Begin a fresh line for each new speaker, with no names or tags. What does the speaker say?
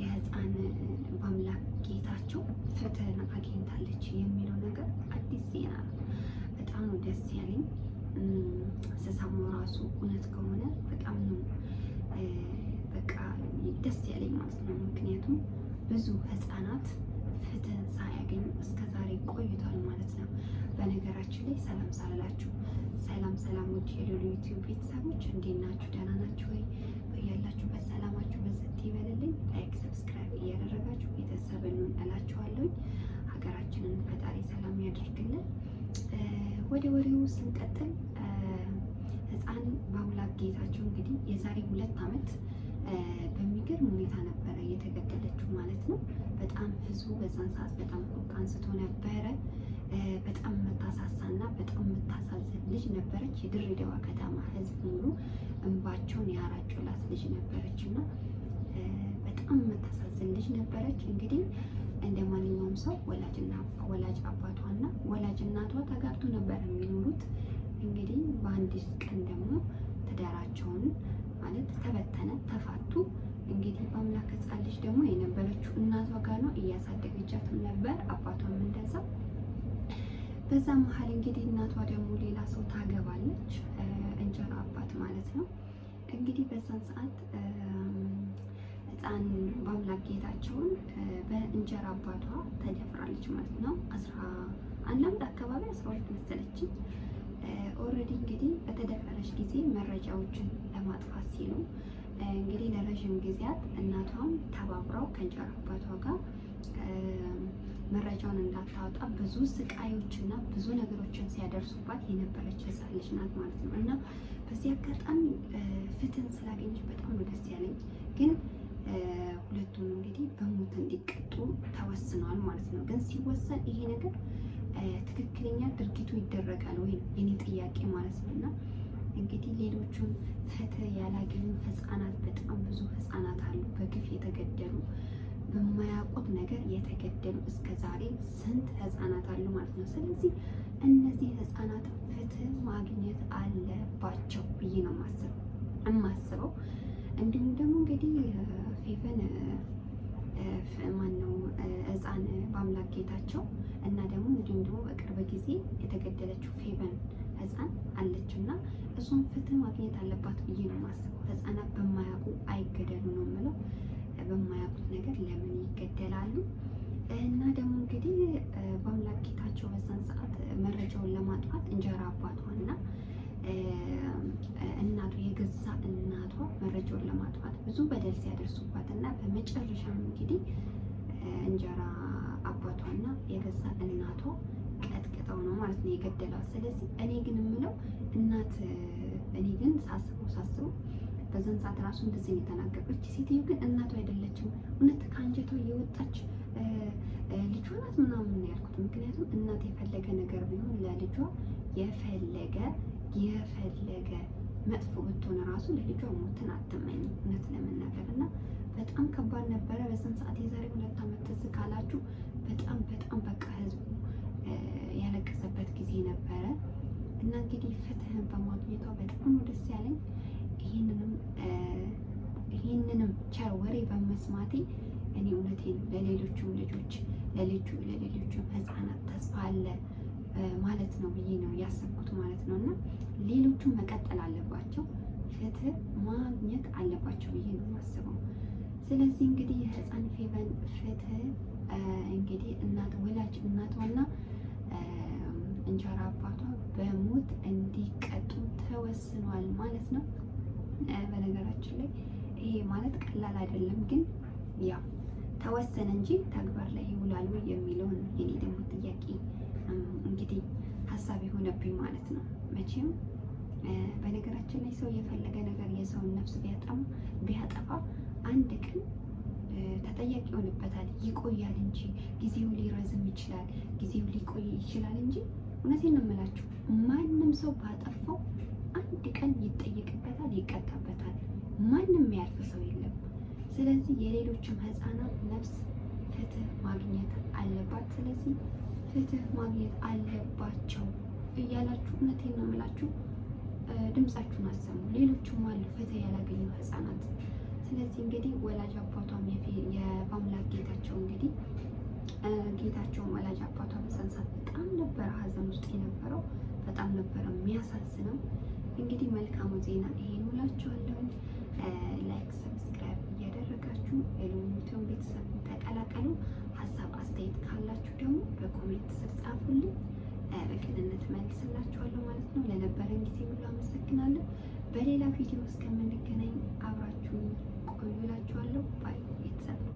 የህፃን በአምላክ ጌታቸው ፍትህን አግኝታለች የሚለው ነገር አዲስ ዜና ነው። በጣም ነው ደስ ያለኝ ስሰማው ራሱ እውነት ከሆነ በጣም ነው በቃ ደስ ያለኝ ማለት ነው። ምክንያቱም ብዙ ህፃናት ፍትህ ሳያገኙ እስከ ዛሬ ቆይቷል ማለት ነው። በነገራችን ላይ ሰላም ሳላላችሁ፣ ሰላም ሰላም፣ ውድ የሉሉ ዩቲዩብ ቤተሰቦች እንዴት ናችሁ? ደህና ናችሁ ወይ? በያላችሁበት ሰላማችሁ በዘት ይበልል ወሬው ስንቀጥል ህፃን ባውላ ጌታቸው እንግዲህ የዛሬ ሁለት ዓመት በሚገርም ሁኔታ ነበረ እየተገደለችው ማለት ነው። በጣም ህዝቡ በዛን ሰዓት በጣም ቁጣ አንስቶ ነበረ። በጣም የምታሳሳና በጣም የምታሳዝን ልጅ ነበረች። የድሬዳዋ ከተማ ህዝብ ሙሉ እንባቸውን ያራጩላት ልጅ ነበረች እና በጣም የምታሳዝን ልጅ ነበረች እንግዲህ እንደ ማንኛውም ሰው ወላጅ አባቷና ወላጅ እናቷ ተጋብቶ ነበር የሚኖሩት። እንግዲህ በአንድ ቀን ደግሞ ትዳራቸውን ማለት ተበተነ፣ ተፋቱ። እንግዲህ በአምላክ ሕፃን ልጅ ደግሞ የነበረችው እናቷ ጋር ነው እያሳደገቻትም ነበር፣ አባቷም እንደዛ። በዛ መሀል እንግዲህ እናቷ ደግሞ ሌላ ሰው ታገባለች፣ እንጀራ አባት ማለት ነው። እንግዲህ በዛን ሰዓት ህፃን በአምላክ ጌታቸውን በእንጀራ አባቷ ተደፍራለች ማለት ነው። አስራ አንድ አካባቢ አስራ ሁለት መሰለችኝ። ኦልሬዲ እንግዲህ በተደፈረች ጊዜ መረጃዎችን ለማጥፋት ሲሉ እንግዲህ ለረዥም ጊዜያት እናቷም ተባብረው ከእንጀራ አባቷ ጋር መረጃውን እንዳታወጣ ብዙ ስቃዮች እና ብዙ ነገሮችን ሲያደርሱባት የነበረች ሕፃን ልጅ ናት ማለት ነው። እና በዚህ አጋጣሚ ፍትህን ስላገኘች በጣም ነው ደስ ያለኝ ግን ሁለቱም እንግዲህ በሞት እንዲቀጡ ተወስኗል ማለት ነው። ግን ሲወሰን ይሄ ነገር ትክክለኛ ድርጊቱ ይደረጋል ወይ የኔ ጥያቄ ማለት ነው እና እንግዲህ ሌሎቹን ፍትህ ያላገኙ ህጻናት በጣም ብዙ ህጻናት አሉ፣ በግፍ የተገደሉ በማያውቁት ነገር የተገደሉ እስከ ዛሬ ስንት ህጻናት አሉ ማለት ነው። ስለዚህ እነዚህ ህጻናት ፍትህ ማግኘት አለ ስቴፈን ማን ነው ህፃን በአምላክ ጌታቸው እና ደግሞ እንዲሁም ደግሞ በቅርብ ጊዜ የተገደለችው ፌቨን ህፃን አለች እና እሱም ፍትህ ማግኘት አለባት ብዬ ነው ማስበው። ህፃናት በማያውቁ አይገደሉ ነው የምለው። በማያውቁት ነገር ለምን ይገደላሉ? እና ደግሞ እንግዲህ በአምላክ ጌታቸው በዛን ሰዓት መረጃውን ለማጥፋት እንጀራ አባቷና ደረጃውን ለማጥፋት ብዙ በደል ሲያደርሱባት እና በመጨረሻም እንግዲህ እንጀራ አባቷና የገዛ እናቷ ቀጥቅጠው ነው ማለት ነው የገደላት። ስለዚህ እኔ ግን የምለው እናት እኔ ግን ሳስበው ሳስበው በዛን ሰዓት ራሱ እንደዚህ ነው የተናገረች። ሴትዮ ግን እናቱ አይደለችም፣ እውነት ከአንጀቷ የወጣች ልጇ ናት ምናምን ያልኩት። ምክንያቱም እናት የፈለገ ነገር ቢሆን ለልጇ የፈለገ የፈለገ መጥፎ ብትሆን ራሱ ለልጇ ሞትን አትመኝም። እውነት ለመናገር እና በጣም ከባድ ነበረ በዛን ሰዓት። የዛሬ ሁለት ዓመት ትዝ ካላችሁ በጣም በጣም በቃ ህዝቡ ያለቀሰበት ጊዜ ነበረ እና እንግዲህ ፍትህን በማግኘቷ በጣም ደስ ያለኝ ይህንንም ይህንንም ቸር ወሬ በመስማቴ እኔ እውነቴን ለሌሎቹም ልጆች ለልጁ ለሌሎቹም ህፃናት ተስፋ አለ ማለት ነው ብዬ ነው ያሰብኩት ማለት ነው። እና ሌሎቹ መቀጠል አለባቸው፣ ፍትህ ማግኘት አለባቸው ብዬ ነው የማስበው። ስለዚህ እንግዲህ የህፃን ፌቨን ፍትህ እንግዲህ እናት ወላጅ እናቷና እንጀራ አባቷ በሞት እንዲቀጡ ተወስኗል ማለት ነው። በነገራችን ላይ ይሄ ማለት ቀላል አይደለም፣ ግን ያው ተወሰነ እንጂ ተግባር ላይ ይውላሉ የሚለው አለብኝ ማለት ነው። መቼም በነገራችን ላይ ሰው የፈለገ ነገር የሰውን ነፍስ ቢያጣም ቢያጠፋ አንድ ቀን ተጠያቂ ይሆንበታል። ይቆያል እንጂ ጊዜው ሊረዝም ይችላል፣ ጊዜው ሊቆይ ይችላል እንጂ እውነቴን ነው የምላችሁ ማንም ሰው ባጠፋው አንድ ቀን ይጠየቅበታል፣ ይቀጣበታል። ማንም ያልፍ ሰው የለም። ስለዚህ የሌሎችም ህፃናት ነፍስ ፍትህ ማግኘት አለባት። ስለዚህ ፍትህ ማግኘት አለባቸው። እያላችሁ እውነቴን ነው የምላችሁ ድምጻችሁን አሰሙ። ሌሎችም አሉ ፍትህ ያላገኙ ህጻናት። ስለዚህ እንግዲህ ወላጅ አባቷም የአምላክ ጌታቸው እንግዲህ ጌታቸውን ወላጅ አባቷ በሰንሳት በጣም ነበረ ሀዘን ውስጥ የነበረው በጣም ነበረ የሚያሳዝነው። እንግዲህ መልካሙ ዜና ይሄን ሁላችኋለሁ። ላይክ ሰብስክራይብ እያደረጋችሁ የሎሚቱን ቤተሰብ ተቀላቀሉ። ሀሳብ አስተያየት ካላችሁ ደግሞ በኮሜንት ስር ጻፉልኝ። መልስላችኋለሁ ማለት ነው። ለነበረን ጊዜ ሁሉ አመሰግናለሁ። በሌላ ቪዲዮ እስከምንገናኝ አብራችሁ ቆዩላችኋለሁ። ባይ ቤተሰብ